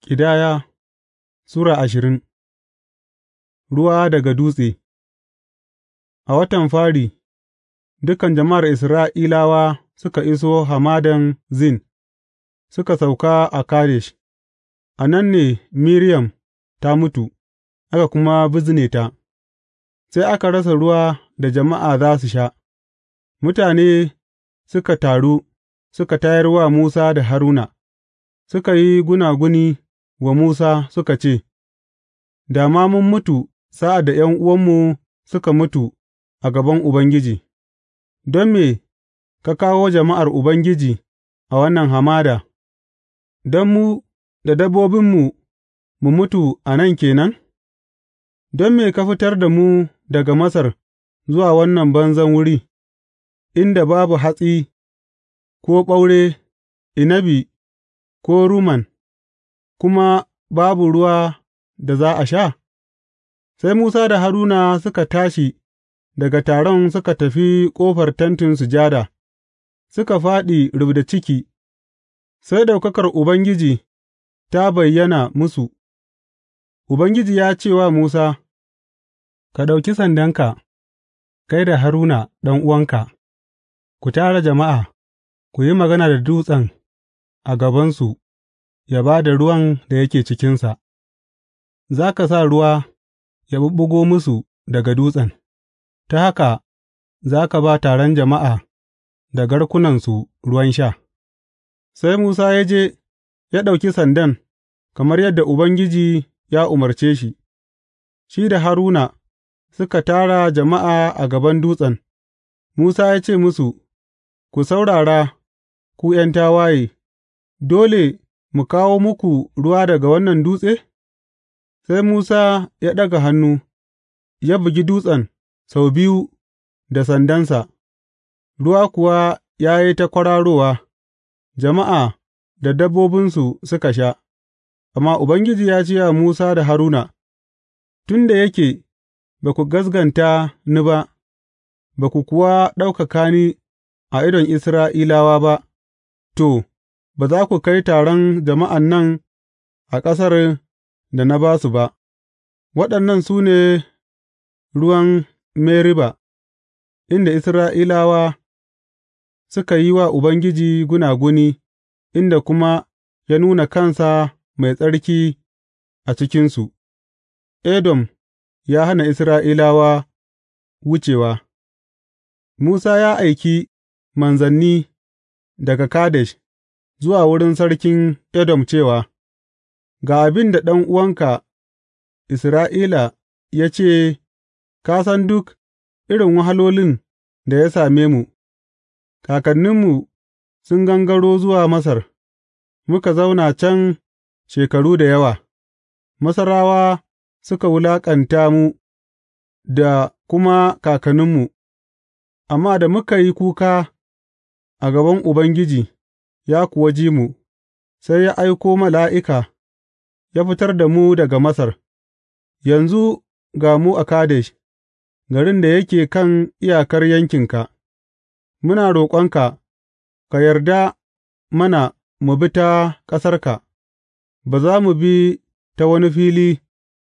Ƙidaya Sura ashirin Ruwa daga dutse A watan fari, dukan jama'ar Isra'ilawa suka iso Hamadan Zin, suka sauka a Kadesh, a nan ne Miriam ta mutu, aka kuma bizne ta, sai aka rasa ruwa da jama'a za su sha, mutane suka taru suka tayar wa Musa da Haruna, suka yi gunaguni. wa Musa suka ce, Da ma mun mutu sa'ad da ’yan'uwanmu suka mutu a gaban Ubangiji, don me ka kawo jama'ar Ubangiji a wannan hamada, don mu da dabbobinmu mu mutu a nan kenan? Don me ka fitar da mu daga Masar zuwa wannan banzan wuri, inda babu hatsi ko ɓaure, inabi ko ruman? kuma babu ruwa da za a sha? Sai Musa da Haruna suka tashi daga taron suka tafi ƙofar Tentin Sujada, suka fāɗi rubda ciki, sai ɗaukakar Ubangiji ta bayyana musu, Ubangiji ya ce wa Musa, Ka ɗauki sandanka, kai da Haruna ɗan'uwanka, ku tara jama'a, ku yi magana da dutsen a gabansu. ya ba da ruwan da yake cikinsa, za ka sa ruwa ya ɓuɓɓugo musu daga dutsen, ta haka za ka ba taron jama'a da garkunansu ruwan sha. Sai Musa ya je ya ɗauki sandan kamar yadda Ubangiji ya umarce shi, shi da Haruna suka tara jama'a a gaban dutsen, Musa ya ce musu, Ku saurara, ku ’yan tawaye, dole Mu kawo muku ruwa daga wannan dutse? Sai Musa ya ɗaga hannu, ya bugi dutsen sau biyu da sandansa, ruwa kuwa ya yi ta kwararowa, jama'a da dabbobinsu suka sha, amma Ubangiji ya ce wa Musa da Haruna, Tun da yake ba ku gasganta ni ba, ba ku kuwa ɗaukaka ni a idon Isra'ilawa ba, to, ba za ku kai taron jama'an nan a ƙasar da na ba su ba, waɗannan su ne ruwan Meriba, inda Isra'ilawa suka yi wa Ubangiji gunaguni, inda kuma ya nuna kansa mai tsarki a cikinsu, Edom ya hana Isra'ilawa wucewa Musa ya aiki manzanni daga Kadesh. zuwa wurin sarkin Edom cewa, Ga abin da ɗan'uwanka Isra'ila ya ce, Ka san duk irin wahalolin da ya same mu, kakanninmu sun gangaro zuwa Masar, muka zauna can shekaru da yawa, Masarawa suka wulaƙanta mu da kuma kakanninmu, amma da muka yi kuka a gaban Ubangiji. ya kuwa ji mu, sai ya aiko mala'ika ya fitar da mu daga Masar, yanzu ga mu a Kadesh, garin da yake kan iyakar yankinka, muna roƙonka, ka yarda mana mu bi ta ƙasarka, ba za mu bi ta wani fili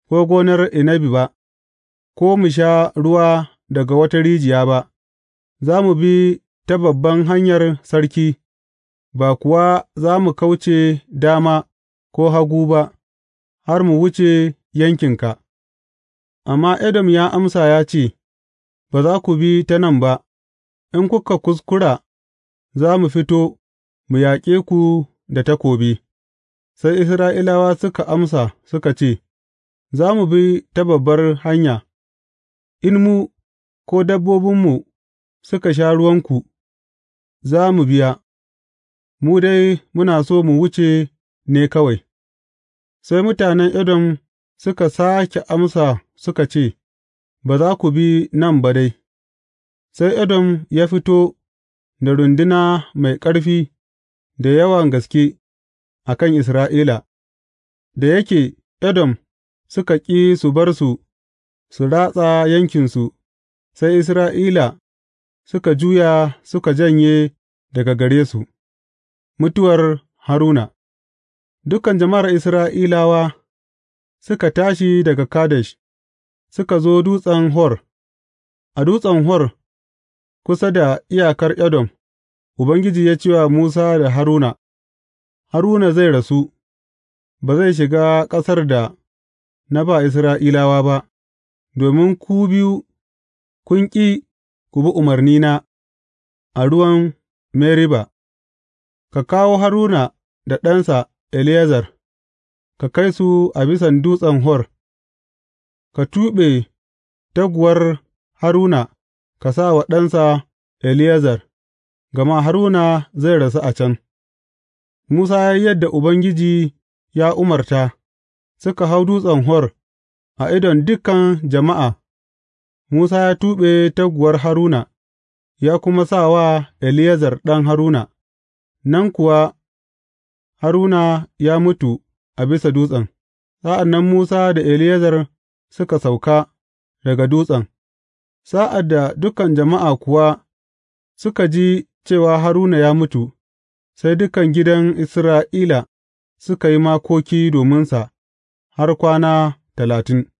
ko gonar inabi ba, ko mu sha ruwa daga wata rijiya ba, za mu bi ta babban hanyar sarki. ba kuwa za mu kauce dama ko hagu ba har mu wuce yankinka, amma Edom ya amsa ya ce, Ba za ku bi ta nan ba, in kuka kuskura za mu fito mu yaƙe ku da takobi, sai Isra'ilawa suka amsa suka ce, Za mu bi ta babbar hanya, in mu ko dabbobinmu suka sha ruwanku, za mu biya. mu dai muna so mu wuce ne kawai.’ Sai mutanen Edom suka sāke amsa suka ce, Ba za ku bi nan ba dai, sai Edom ya fito da runduna mai ƙarfi da yawan gaske a kan Isra'ila, da yake Edom suka ƙi su bar su su ratsa yankinsu, sai Isra'ila suka juya suka janye daga gare su. Mutuwar Haruna Dukan jama'ar Isra'ilawa suka tashi daga Kadesh, suka zo Dutsen Hor, a Dutsen Hor, kusa da iyakar Edom, Ubangiji ya ce wa Musa da Haruna, Haruna zai rasu, ba zai shiga ƙasar da na ba Isra'ilawa ba, domin ku biyu kun ƙi ku bi umarnina a ruwan Meriba. Ka kawo Haruna da ɗansa Eleyazar, ka kai su a bisan Dutsen Hor, ka tuɓe taguwar Haruna ka sa wa ɗansa Eleyazar, gama Haruna zai rasu a can. Musa ya yi yadda Ubangiji ya umarta, suka hau Dutsen Hor a idon dukan jama'a, Musa ya tuɓe taguwar Haruna, ya kuma sa wa Eleyazar ɗan Haruna. nan kuwa Haruna ya mutu a bisa dutsen, sa'an nan Musa da Eleyazar suka sauka daga dutsen, sa'ad da dukan jama'a kuwa suka ji cewa Haruna ya mutu, sai dukan gidan Isra'ila suka yi makoki dominsa har kwana talatin.